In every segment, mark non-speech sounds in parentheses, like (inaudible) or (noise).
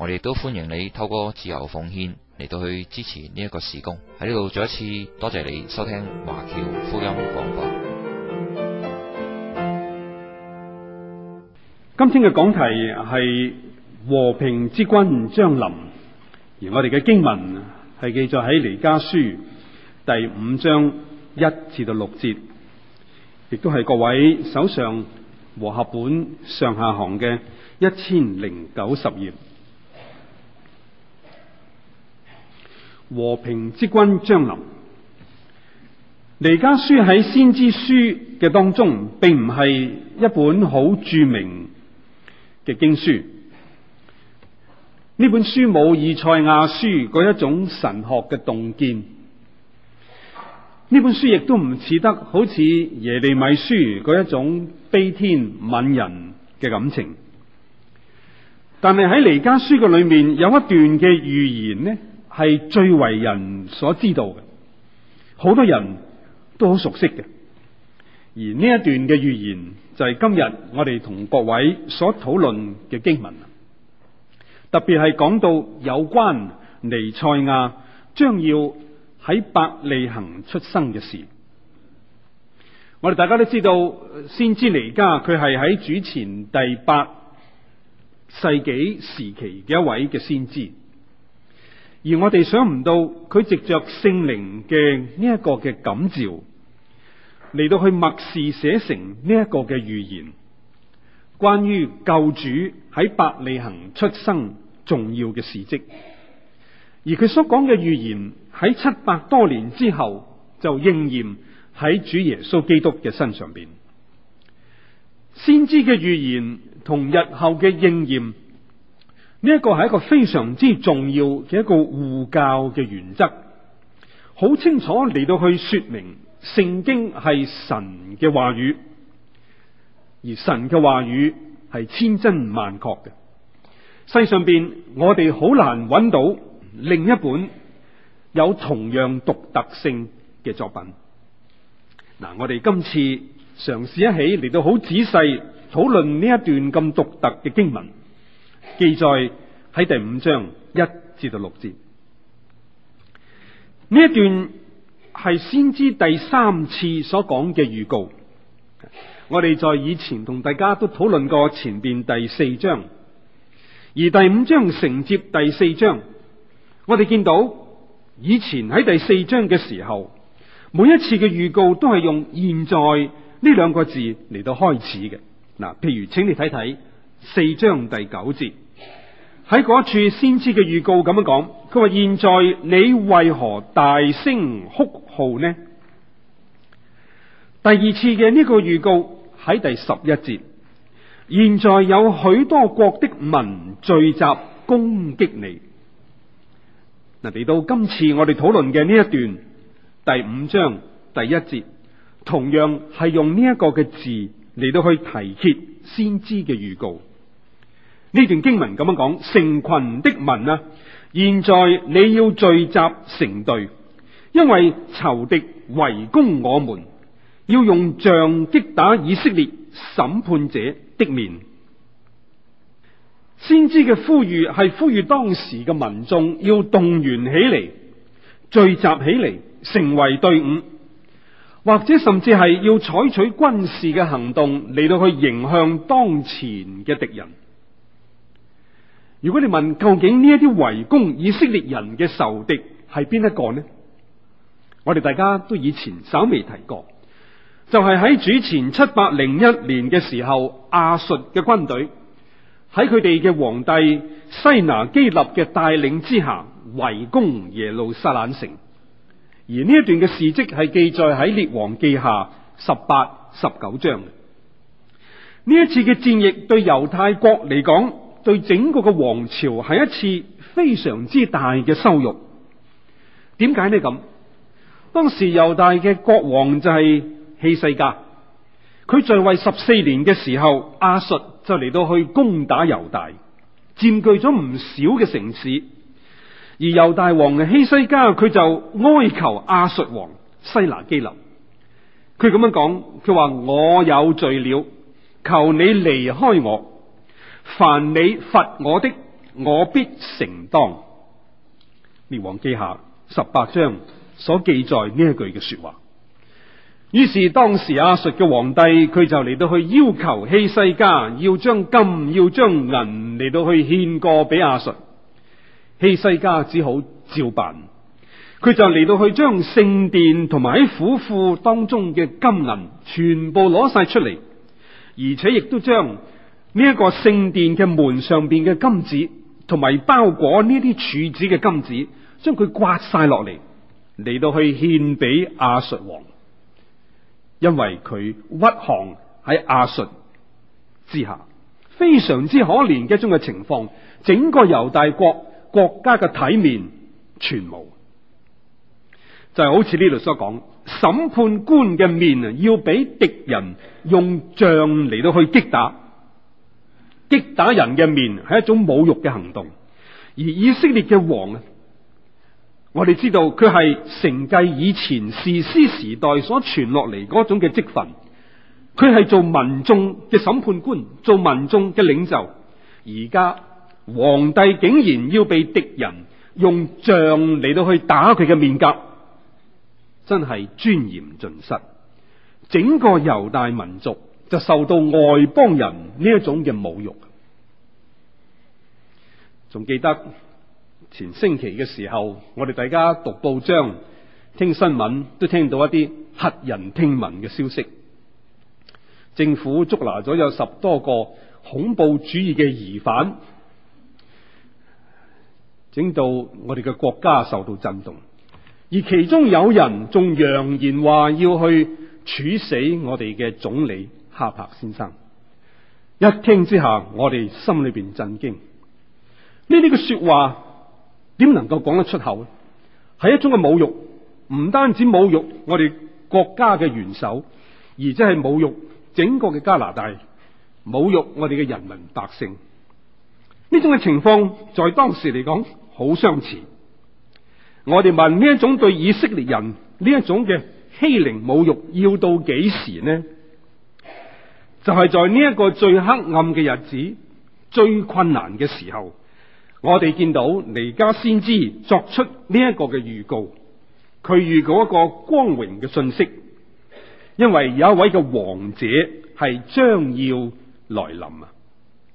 我哋都歡迎你透過自由奉獻嚟到去支持呢一個事工喺呢度。再一次多謝你收聽華僑福音廣播。今天嘅講題係和平之君將臨，而我哋嘅經文係記載喺《彌迦書》第五章一至到六節，亦都係各位手上和合本上下行嘅一千零九十頁。和平之君將臨。彌迦書，喺先知書嘅當中，並唔係一本好著名嘅經書。呢本書冇以賽亞書嗰一種神學嘅洞見。呢本書亦都唔似得好似耶利米書嗰一種悲天憫人嘅感情。但係喺彌迦書嘅裏面有一段嘅預言呢，係最為人所知道嘅，好多人都好熟悉嘅。而呢一段嘅預言就係、是、今日我哋同各位所討論嘅經文，特別係講到有關彌賽亞將要喺伯利恆出生嘅事。我哋大家都知道，先知彌迦佢係喺主前第八世紀時期嘅一位嘅先知。而我哋想唔到，佢藉着聖靈嘅呢一個嘅感召，嚟到去默示寫成呢一個嘅預言，關於救主喺伯利恒出生重要嘅事跡。而佢所講嘅預言喺七百多年之後就應驗喺主耶穌基督嘅身上邊。先知嘅預言同日後嘅應驗。呢一個係一個非常之重要嘅一個護教嘅原則，好清楚嚟到去說明聖經係神嘅話語，而神嘅話語係千真萬確嘅。世上邊我哋好難揾到另一本有同樣獨特性嘅作品。嗱，我哋今次嘗試一起嚟到好仔細討論呢一段咁獨特嘅經文。記載喺第五章一至到六節，呢一段係先知第三次所講嘅預告。我哋在以前同大家都討論過前邊第四章，而第五章承接第四章。我哋見到以前喺第四章嘅時候，每一次嘅預告都係用現在呢兩個字嚟到開始嘅。嗱，譬如請你睇睇。四章第九節喺嗰處先知嘅預告咁樣講，佢話：現在你為何大聲哭號呢？第二次嘅呢個預告喺第十一節，現在有許多國的民聚集攻擊你。嗱，嚟到今次我哋討論嘅呢一段，第五章第一節，同樣係用呢一個嘅字嚟到去提揭先知嘅預告。呢段經文咁樣講：成群的民啊，現在你要聚集成隊，因為仇敵圍攻我們，要用杖擊打以色列審判者的面。先知嘅呼籲係呼籲當時嘅民眾要動員起嚟，聚集起嚟，成為隊伍，或者甚至係要採取軍事嘅行動嚟到去迎向當前嘅敵人。如果你問究竟呢一啲圍攻以色列人嘅仇敵係邊一個呢？我哋大家都以前稍微提過，就係喺主前七百零一年嘅時候，亞述嘅軍隊喺佢哋嘅皇帝西拿基立嘅帶領之下，圍攻耶路撒冷城。而呢一段嘅事蹟係記載喺《列王記》下十八、十九章。呢一次嘅戰役對猶太國嚟講，對整個嘅王朝係一次非常之大嘅羞辱。點解呢咁？當時猶大嘅國王就係希西家，佢在位十四年嘅時候，亞述就嚟到去攻打猶大，佔據咗唔少嘅城市。而猶大王嘅希西家佢就哀求亞述王西拿基立，佢咁樣講，佢話我有罪了，求你離開我。凡你罰我的，我必承當。列王紀下十八章所記載呢一句嘅說話。於是當時亞述嘅皇帝佢就嚟到去要求希西家要將金要將銀嚟到去獻過俾亞述，希西家只好照辦。佢就嚟到去將聖殿同埋喺府庫當中嘅金銀全部攞晒出嚟，而且亦都將。呢一個聖殿嘅門上邊嘅金子，同埋包裹呢啲柱子嘅金子，將佢刮晒落嚟，嚟到去獻俾亞述王，因為佢屈降喺亞述之下，非常之可憐嘅一種嘅情況，整個猶大國國家嘅體面全無，就係、是、好似呢度所講，審判官嘅面啊，要俾敵人用杖嚟到去擊打。擊打人嘅面係一種侮辱嘅行動，而以色列嘅王，啊，我哋知道佢係承繼以前士師時代所傳落嚟嗰種嘅積分。佢係做民眾嘅審判官，做民眾嘅領袖，而家皇帝竟然要被敵人用杖嚟到去打佢嘅面頰，真係尊嚴盡失，整個猶大民族。就受到外邦人呢一種嘅侮辱。仲記得前星期嘅時候，我哋大家讀報章、聽新聞，都聽到一啲駭人聽聞嘅消息。政府捉拿咗有十多個恐怖主義嘅疑犯，整到我哋嘅國家受到震動。而其中有人仲揚言話要去處死我哋嘅總理。帕帕先生一聽之下，我哋心裏邊震驚。呢啲嘅說話點能夠講得出口呢？係一種嘅侮辱，唔單止侮辱我哋國家嘅元首，而且係侮辱整個嘅加拿大，侮辱我哋嘅人民百姓。呢種嘅情況在當時嚟講好相似。我哋問呢一種對以色列人呢一種嘅欺凌侮辱要到幾時呢？就係在呢一個最黑暗嘅日子，最困難嘅時候，我哋見到彌迦先知作出呢一個嘅預告，佢預告一個光榮嘅信息，因為有一位嘅王者係將要來臨啊！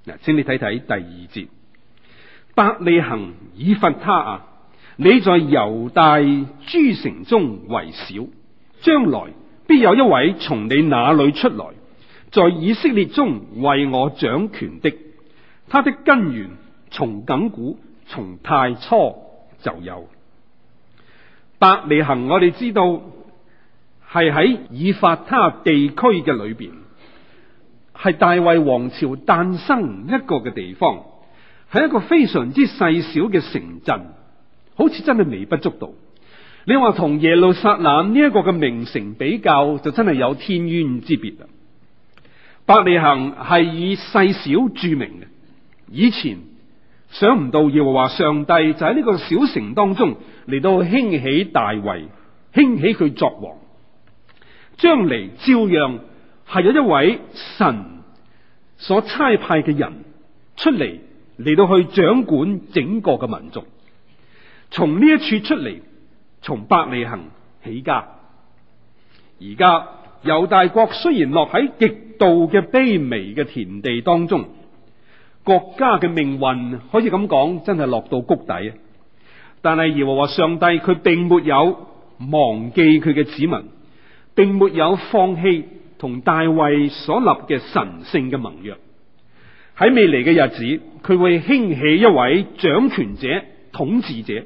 嗱，請你睇睇第二節，伯利恆以法他啊！你在猶大諸城中為小，將來必有一位從你那裏出來。在以色列中為我掌權的，他的根源從亙古從太初就有。伯利恒我哋知道係喺以法他地區嘅裏邊，係大衛王朝誕生一個嘅地方，係一個非常之細小嘅城鎮，好似真係微不足道。你話同耶路撒冷呢一個嘅名城比較，就真係有天淵之別啦。伯利恆係以細小著名嘅，以前想唔到，要話上帝就喺呢個小城當中嚟到興起大衛，興起佢作王，將來照樣係有一位神所差派嘅人出嚟嚟到去掌管整個嘅民族，從呢一處出嚟，從伯利恆起家，而家。猶大國雖然落喺極度嘅卑微嘅田地當中，國家嘅命運可以咁講，真係落到谷底啊！但係耶和華上帝佢並沒有忘記佢嘅子民，並沒有放棄同大衛所立嘅神聖嘅盟約。喺未來嘅日子，佢會興起一位掌權者、統治者，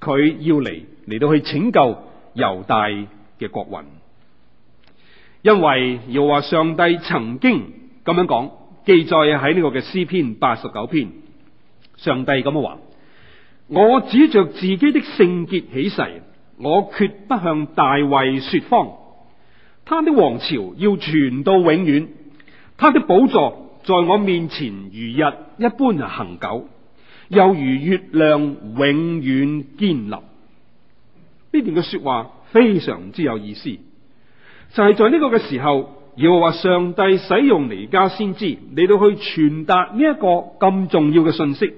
佢要嚟嚟到去拯救猶大嘅國運。因為又話上帝曾經咁樣講，記載喺呢個嘅詩篇八十九篇。上帝咁樣話： (music) 我指着自己的聖潔起誓，我決不向大衛說謊。他的王朝要傳到永遠，他的寶座在我面前如日一般恒久，又如月亮永遠建立。呢段嘅說話非常之有意思。就係在呢個嘅時候，要我話上帝使用彌迦先知嚟到去傳達呢一個咁重要嘅信息，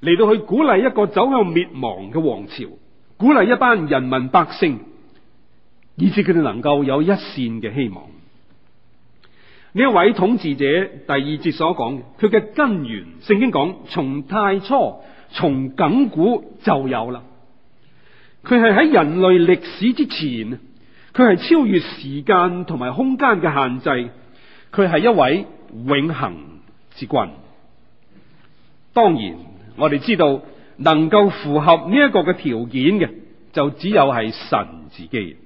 嚟到去鼓勵一個走向滅亡嘅王朝，鼓勵一班人民百姓，以致佢哋能夠有一綫嘅希望。呢一位統治者，第二節所講佢嘅根源，聖經講從太初、從亙古就有啦。佢係喺人類歷史之前。佢係超越時間同埋空間嘅限制，佢係一位永恆之君。當然，我哋知道能夠符合呢一個嘅條件嘅，就只有係神自己。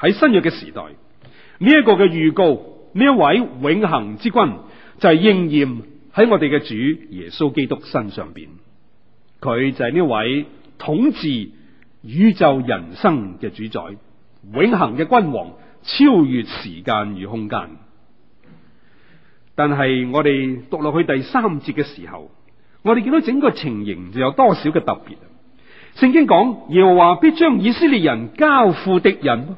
喺新約嘅時代，呢一個嘅預告，呢一位永恆之君就係應驗喺我哋嘅主耶穌基督身上邊。佢就係呢位統治宇宙人生嘅主宰。永恆嘅君王超越時間與空間，但係我哋讀落去第三節嘅時候，我哋見到整個情形就有多少嘅特別。聖經講，耶和華必將以色列人交付敵人，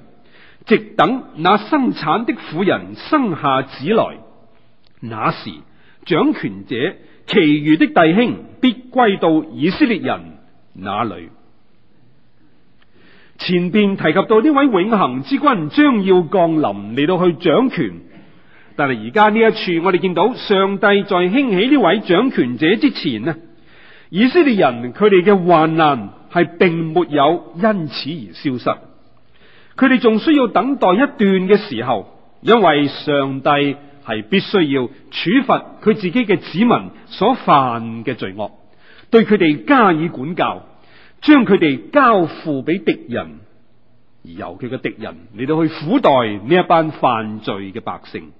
直等那生產的婦人生下子來，那時掌權者其餘的弟兄必歸到以色列人那裏。前邊提及到呢位永恒之君將要降臨嚟到去掌權，但係而家呢一處我哋見到上帝在興起呢位掌權者之前呢，以色列人佢哋嘅患難係並沒有因此而消失，佢哋仲需要等待一段嘅時候，因為上帝係必須要處罰佢自己嘅子民所犯嘅罪惡，對佢哋加以管教。將佢哋交付俾敵人，而由佢嘅敵人嚟到去苦待呢一班犯罪嘅百姓，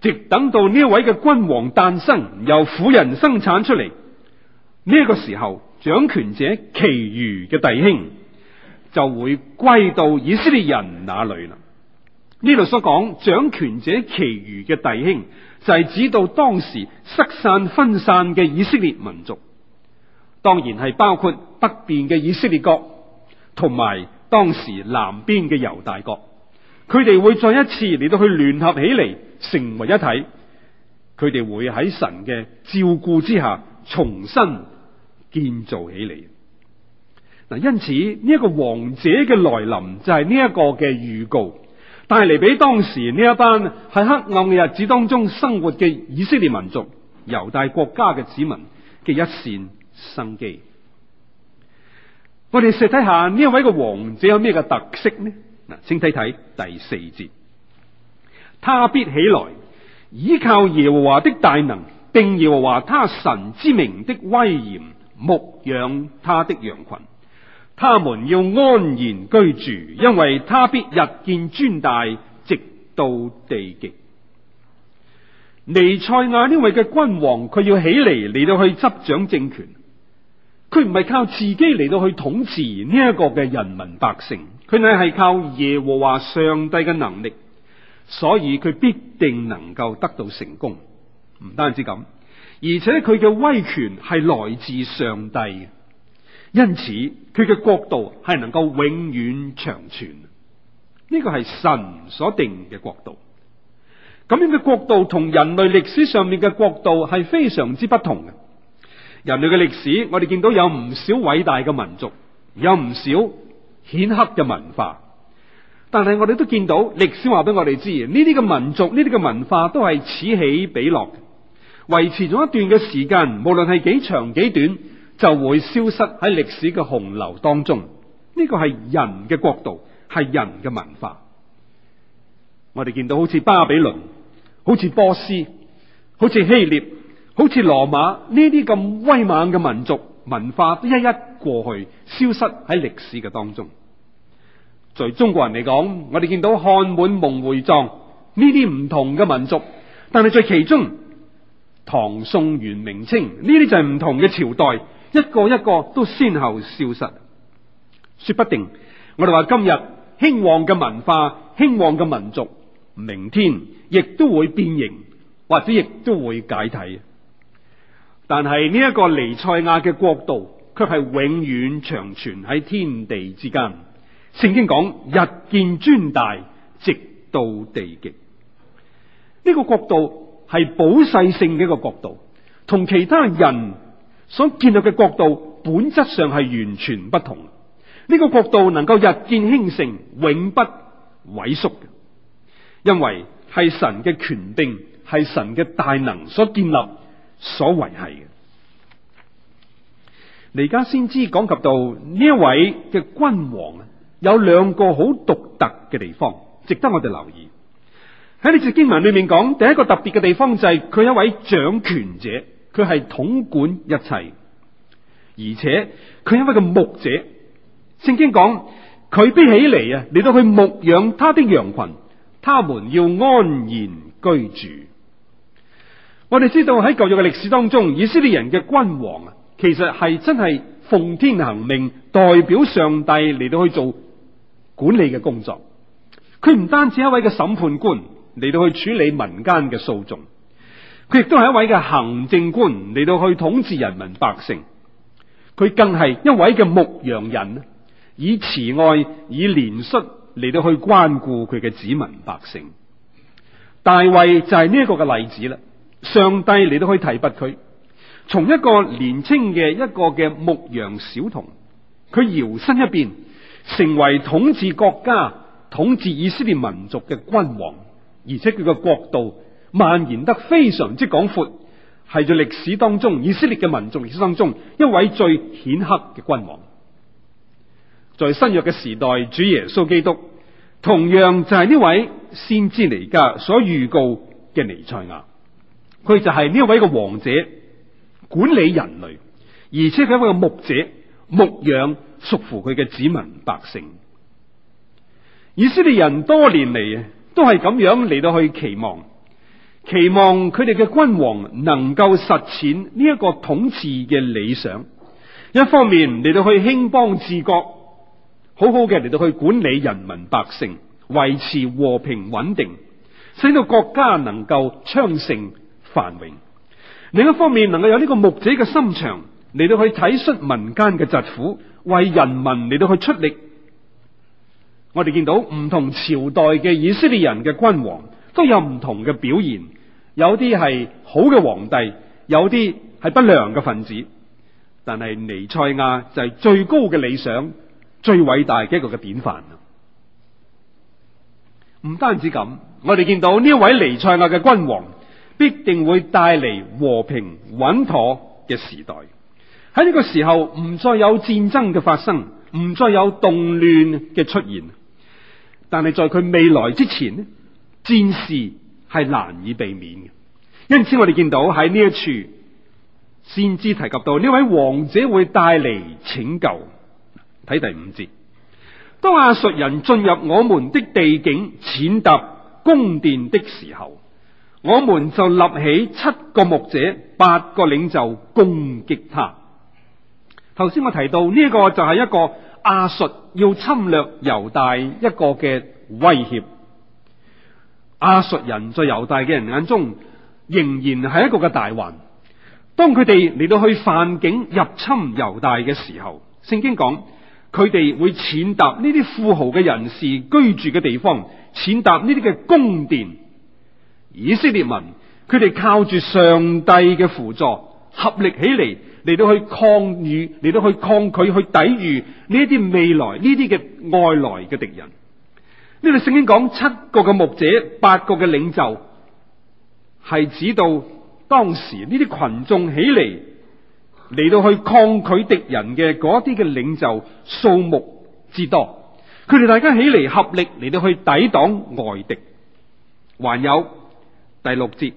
直等到呢一位嘅君王誕生，由婦人生產出嚟呢、這個時候，掌權者其餘嘅弟兄就會歸到以色列人那裏啦。呢度所講掌權者其餘嘅弟兄，就係、是、指到當時失散分散嘅以色列民族。當然係包括北邊嘅以色列國，同埋當時南邊嘅猶大國，佢哋會再一次嚟到去聯合起嚟，成為一體。佢哋會喺神嘅照顧之下，重新建造起嚟。嗱，因此呢一個王者嘅來臨，就係呢一個嘅預告，帶嚟俾當時呢一班喺黑暗嘅日子當中生活嘅以色列民族、猶大國家嘅子民嘅一線生機。我哋試睇下呢一位嘅王者有咩嘅特色呢？嗱，請睇睇第四節，他必起來倚靠耶和華的大能，並耶和華他神之名的威嚴，牧養他的羊群。他們要安然居住，因為他必日見尊大，直到地極。彌賽亞呢位嘅君王，佢要起嚟嚟到去執掌政權。佢唔係靠自己嚟到去統治呢一個嘅人民百姓，佢哋係靠耶和華上帝嘅能力，所以佢必定能夠得到成功。唔單止咁，而且佢嘅威權係來自上帝，因此佢嘅國度係能夠永遠長存。呢個係神所定嘅國度。咁樣嘅國度同人類歷史上面嘅國度係非常之不同嘅。人類嘅歷史，我哋見到有唔少偉大嘅民族，有唔少顯赫嘅文化。但係我哋都見到歷史話俾我哋知，呢啲嘅民族，呢啲嘅文化都係此起彼落的，維持咗一段嘅時間，無論係幾長幾短，就會消失喺歷史嘅洪流當中。呢個係人嘅國度，係人嘅文化。我哋見到好似巴比倫，好似波斯，好似希臘。好似羅馬呢啲咁威猛嘅民族文化都一一過去，消失喺歷史嘅當中。在中國人嚟講，我哋見到漢滿蒙回藏呢啲唔同嘅民族，但係在其中，唐宋元明清呢啲就係唔同嘅朝代，一個一個都先後消失。說不定我哋話今日興旺嘅文化、興旺嘅民族，明天亦都會變形，或者亦都會解體。但係呢一個尼賽亞嘅國度，卻係永遠長存喺天地之間。聖經講日見尊大，直到地極。呢個國度係保世性嘅一個國度，同其他人所建立嘅國度本質上係完全不同。呢個國度能夠日見興盛，永不萎縮，因為係神嘅權定，係神嘅大能所建立。所維繫嘅，而家先知講及到呢一位嘅君王啊，有兩個好獨特嘅地方，值得我哋留意。喺呢節經文裏面講，第一個特別嘅地方就係佢係一位掌權者，佢係統管一切，而且佢係一個牧者，聖經講佢必起嚟啊，嚟到去牧養他的羊群，他們要安然居住。我哋知道喺舊約嘅歷史當中，以色列人嘅君王啊，其實係真係奉天行命，代表上帝嚟到去做管理嘅工作。佢唔單止一位嘅審判官嚟到去處理民間嘅訴訟，佢亦都係一位嘅行政官嚟到去統治人民百姓。佢更係一位嘅牧羊人，以慈愛以憐恤嚟到去關顧佢嘅子民百姓。大衛就係呢一個嘅例子啦。上帝你都可以提拔佢，從一個年輕嘅，一個嘅牧羊小童，佢搖身一變成為統治國家、統治以色列民族嘅君王，而且佢嘅國度蔓延得非常之廣闊，係在歷史當中以色列嘅民族歷史當中一位最顯赫嘅君王。在新約嘅時代，主耶穌基督同樣就係呢位先知彌迦所預告嘅彌賽亞。佢就係呢一位個王者，管理人類，而且佢係一個牧者牧養屬乎佢嘅子民百姓。以色列人多年嚟都係咁樣嚟到去期望，期望佢哋嘅君王能夠實踐呢一個統治嘅理想。一方面嚟到去興邦治國，好好嘅嚟到去管理人民百姓，維持和平穩定，使到國家能夠昌盛，繁榮，另一方面能夠有呢個牧者嘅心腸嚟到去體恤民間嘅疾苦，為人民嚟到去出力。我哋見到唔同朝代嘅以色列人嘅君王都有唔同嘅表現，有啲係好嘅皇帝，有啲係不良嘅分子。但係彌賽亞就係最高嘅理想，最偉大嘅一個嘅典範。唔單止咁，我哋見到呢一位彌賽亞嘅君王。必定會帶嚟和平穩妥嘅時代。喺呢個時候，唔再有戰爭嘅發生，唔再有動亂嘅出現。但係在佢未來之前，呢戰事係難以避免嘅。因此，我哋見到喺呢一處先知提及到呢位王者會帶嚟拯救。睇第五節，當亞述人進入我們的地境、踐踏宮殿的時候。我們就立起七個牧者、八個領袖攻擊他。頭先我提到呢、這個就係一個亞述要侵略猶大一個嘅威脅。亞述人在猶大嘅人眼中仍然係一個嘅大患。當佢哋嚟到去犯境入侵猶大嘅時候，聖經講佢哋會踐踏呢啲富豪嘅人士居住嘅地方，踐踏呢啲嘅宮殿。以色列民，佢哋靠住上帝嘅輔助，合力起嚟嚟到去抗禦嚟到去抗拒去抵御呢一啲未來呢啲嘅外來嘅敵人。呢度聖經講七個嘅牧者，八個嘅領袖，係指到當時呢啲群眾起嚟嚟到去抗拒敵人嘅一啲嘅領袖數目之多。佢哋大家起嚟合力嚟到去抵擋外敵，還有。第六節，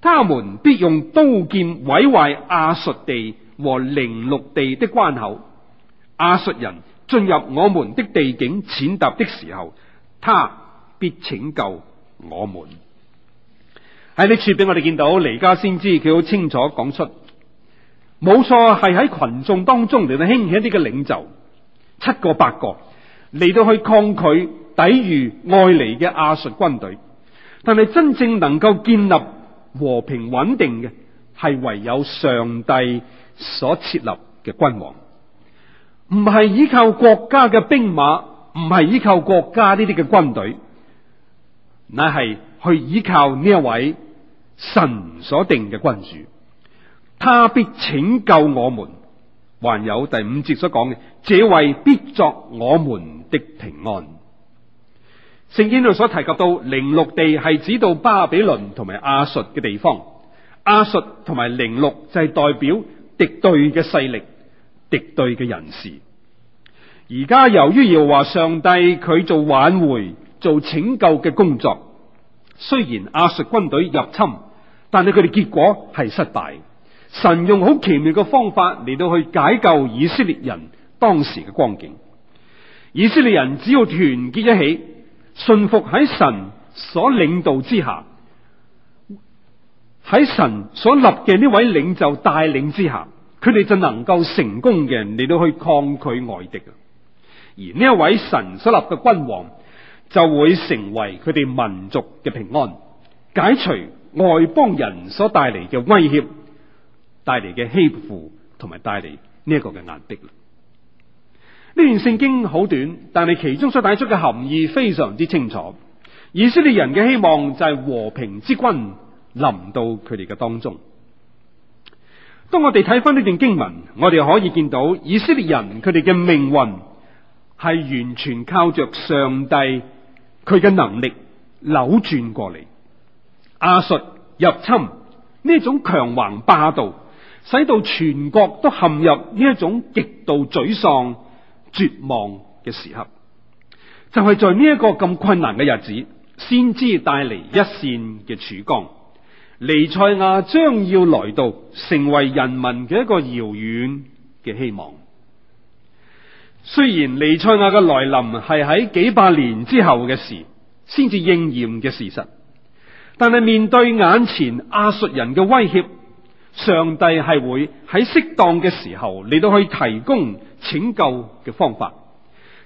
他們必用刀劍毀壞亞述地和寧錄地的關口。亞述人進入我們的地境踐踏的時候，他必拯救我們。喺呢處俾我哋見到，彌迦先知佢好清楚講出，冇錯係喺群眾當中嚟到興起一啲嘅領袖，七個八個嚟到去抗拒抵禦外嚟嘅亞述軍隊。但係真正能夠建立和平穩定嘅，係唯有上帝所設立嘅君王，唔係依靠國家嘅兵馬，唔係依靠國家呢啲嘅軍隊，乃係去依靠呢位神所定嘅君主，他必拯救我們。還有第五節所講嘅，這位必作我們的平安。聖經度所提及到寧錄地係指到巴比倫同埋亞述嘅地方，亞述同埋寧錄就係代表敵對嘅勢力、敵對嘅人士。而家由於要話上帝佢做挽回、做拯救嘅工作，雖然亞述軍隊入侵，但係佢哋結果係失敗。神用好奇妙嘅方法嚟到去解救以色列人當時嘅光景。以色列人只要團結一起。信服，喺神所領導之下，喺神所立嘅呢位領袖帶領之下，佢哋就能夠成功嘅嚟到去抗拒外敵啊！而呢一位神所立嘅君王就會成為佢哋民族嘅平安，解除外邦人所帶嚟嘅威脅、帶嚟嘅欺負同埋帶嚟呢一個嘅壓迫。呢段聖經好短，但係其中所帶出嘅含義非常之清楚。以色列人嘅希望就係和平之君臨到佢哋嘅當中。當我哋睇翻呢段經文，我哋可以見到以色列人佢哋嘅命運係完全靠着上帝佢嘅能力扭轉過嚟。亞述入侵呢種強橫霸道，使到全國都陷入呢一種極度沮喪。絕望嘅時刻，就係、是、在呢一個咁困難嘅日子，先知帶嚟一綫嘅曙光。尼賽亞將要來到，成為人民嘅一個遙遠嘅希望。雖然尼賽亞嘅來臨係喺幾百年之後嘅事，先至應驗嘅事實，但係面對眼前亞述人嘅威脅，上帝係會喺適當嘅時候，嚟到去提供。拯救嘅方法，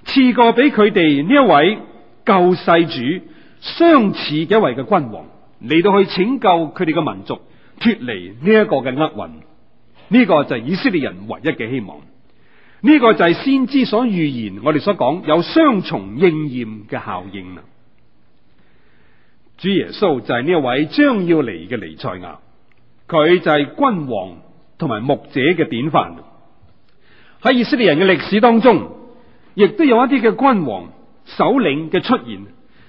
賜過俾佢哋呢一位救世主相似嘅一位嘅君王嚟到去拯救佢哋嘅民族脫離呢一個嘅厄運，呢個就係以色列人唯一嘅希望，呢個就係先知所預言我哋所講有雙重應驗嘅效應啦。主耶穌就係呢一位將要嚟嘅彌賽亞，佢就係君王同埋牧者嘅典範。喺以色列人嘅歷史當中，亦都有一啲嘅君王、首領嘅出現，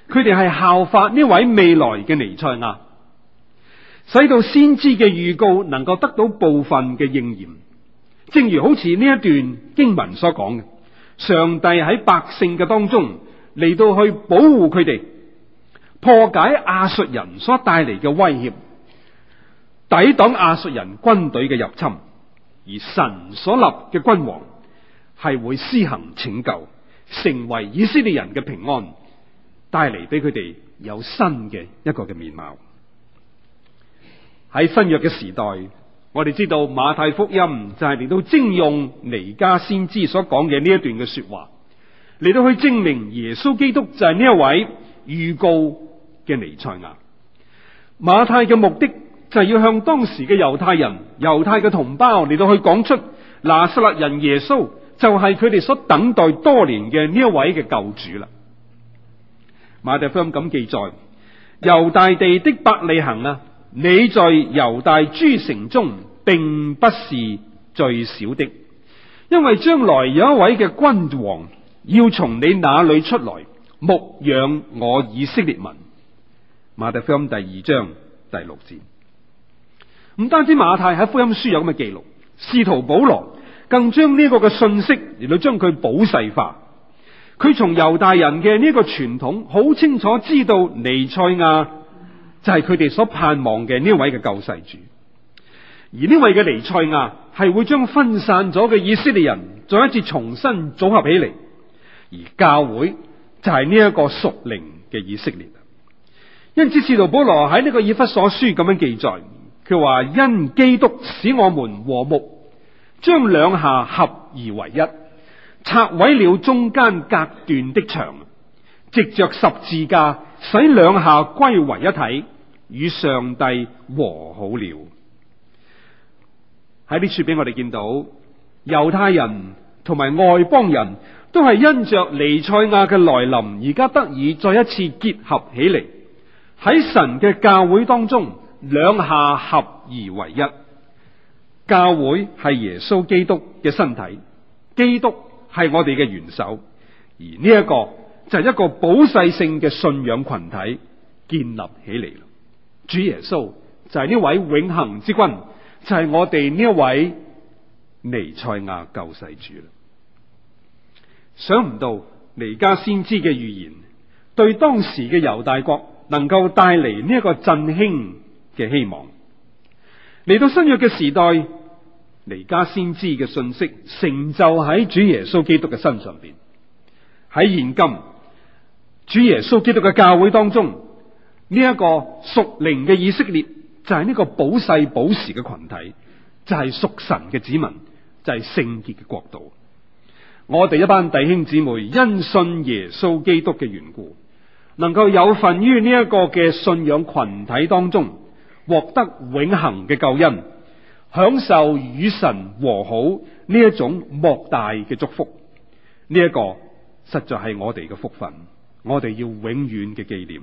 佢哋係效法呢位未來嘅彌賽亞，使到先知嘅預告能夠得到部分嘅應驗。正如好似呢一段經文所講嘅，上帝喺百姓嘅當中嚟到去保護佢哋，破解亞述人所帶嚟嘅威脅，抵擋亞述人軍隊嘅入侵。而神所立嘅君王係會施行拯救，成為以色列人嘅平安，帶嚟俾佢哋有新嘅一個嘅面貌。喺新約嘅時代，我哋知道馬太福音就係嚟到徵用彌迦先知所講嘅呢一段嘅說話，嚟到去證明耶穌基督就係呢一位預告嘅彌賽亞。馬太嘅目的。就係要向當時嘅猶太人、猶太嘅同胞嚟到去講出拿撒勒人耶穌就係佢哋所等待多年嘅呢一位嘅救主啦。馬太福音咁記載，猶大地的百里行啊，你在猶大諸城中並不是最小的，因為將來有一位嘅君王要從你那裡出來牧養我以色列民。馬太福音第二章第六節。唔單止馬太喺福音書有咁嘅記錄，使徒保羅更將呢個嘅信息嚟到將佢保世化。佢從猶大人嘅呢一個傳統，好清楚知道尼賽亞就係佢哋所盼望嘅呢位嘅救世主，而呢位嘅尼賽亞係會將分散咗嘅以色列人再一次重新組合起嚟，而教會就係呢一個屬靈嘅以色列。因此使徒保羅喺呢個以弗所書咁樣記載。就話因基督使我們和睦，將兩下合而為一，拆毀了中間隔斷的牆，藉着十字架使兩下歸為一體，與上帝和好了。喺呢處俾我哋見到猶太人同埋外邦人都係因着尼賽亞嘅來臨，而家得以再一次結合起嚟，喺神嘅教會當中。兩下合而為一，教會係耶穌基督嘅身體，基督係我哋嘅元首，而呢一個就係一個保世性嘅信仰群體建立起嚟。主耶穌就係呢位永恆之君，就係、是、我哋呢一位彌賽亞救世主啦。想唔到彌迦先知嘅預言，對當時嘅猶大國能夠帶嚟呢一個振興。嘅希望，嚟到新約嘅時代，彌迦先知嘅信息成就喺主耶穌基督嘅身上邊。喺現今主耶穌基督嘅教會當中，呢、這、一個屬靈嘅以色列就係、是、呢個保世保時嘅群體，就係、是、屬神嘅子民，就係聖潔嘅國度。我哋一班弟兄姊妹因信耶穌基督嘅緣故，能夠有份於呢一個嘅信仰群體當中。獲得永恒嘅救恩，享受與神和好呢一種莫大嘅祝福，呢一個實在係我哋嘅福分，我哋要永遠嘅紀念。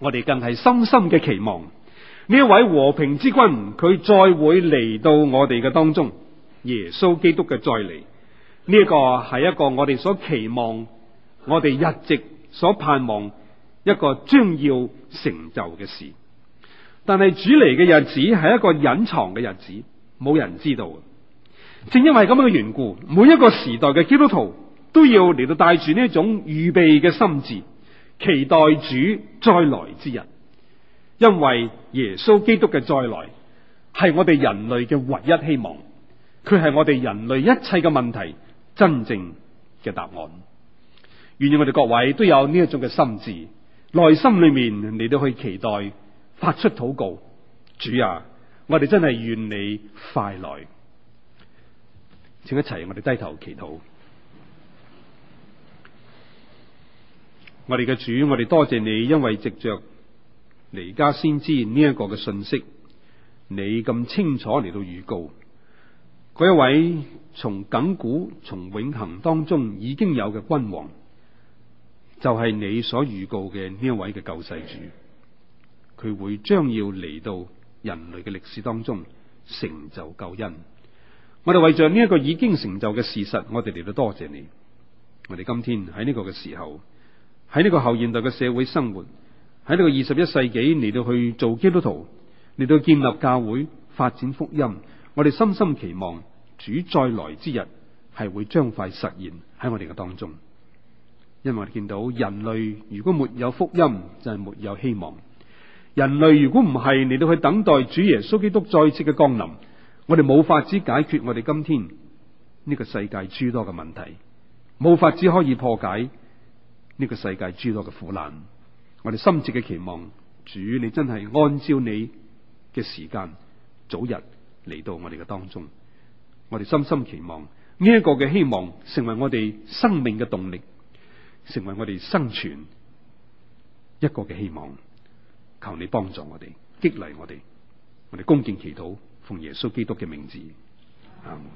我哋更係深深嘅期望呢一位和平之君，佢再會嚟到我哋嘅當中。耶穌基督嘅再嚟，呢一個係一個我哋所期望，我哋一直所盼望一個將要成就嘅事。但係主嚟嘅日子係一個隱藏嘅日子，冇人知道。正因為咁樣嘅緣故，每一個時代嘅基督徒都要嚟到帶住呢一種預備嘅心智，期待主再來之日。因為耶穌基督嘅再來係我哋人類嘅唯一希望，佢係我哋人類一切嘅問題真正嘅答案。願意我哋各位都有呢一種嘅心智，內心裏面你都可以期待，發出禱告，主啊，我哋真係願你快來。請一齊，我哋低頭祈禱。我哋嘅主，我哋多謝你，因為藉着彌迦先知呢一個嘅訊息，你咁清楚嚟到預告，嗰一位從亙古、從永恒當中已經有嘅君王，就係、是、你所預告嘅呢一位嘅救世主。佢會將要嚟到人類嘅歷史當中成就救恩。我哋為着呢一個已經成就嘅事實，我哋嚟到多謝你。我哋今天喺呢個嘅時候，喺呢個後現代嘅社會生活，喺呢個二十一世紀嚟到去做基督徒，嚟到建立教會、發展福音，我哋深深期望主再來之日係會將快實現喺我哋嘅當中。因為我哋見到人類如果沒有福音，就係沒有希望。人類如果唔係嚟到去等待主耶穌基督再次嘅降臨，我哋冇法子解決我哋今天呢個世界諸多嘅問題，冇法子可以破解呢個世界諸多嘅苦難。我哋深切嘅期望主，你真係按照你嘅時間，早日嚟到我哋嘅當中。我哋深深期望呢一個嘅希望，成為我哋生命嘅動力，成為我哋生存一個嘅希望。求你幫助我哋，激勵我哋，我哋恭敬祈禱，奉耶穌基督嘅名字啊！Amen。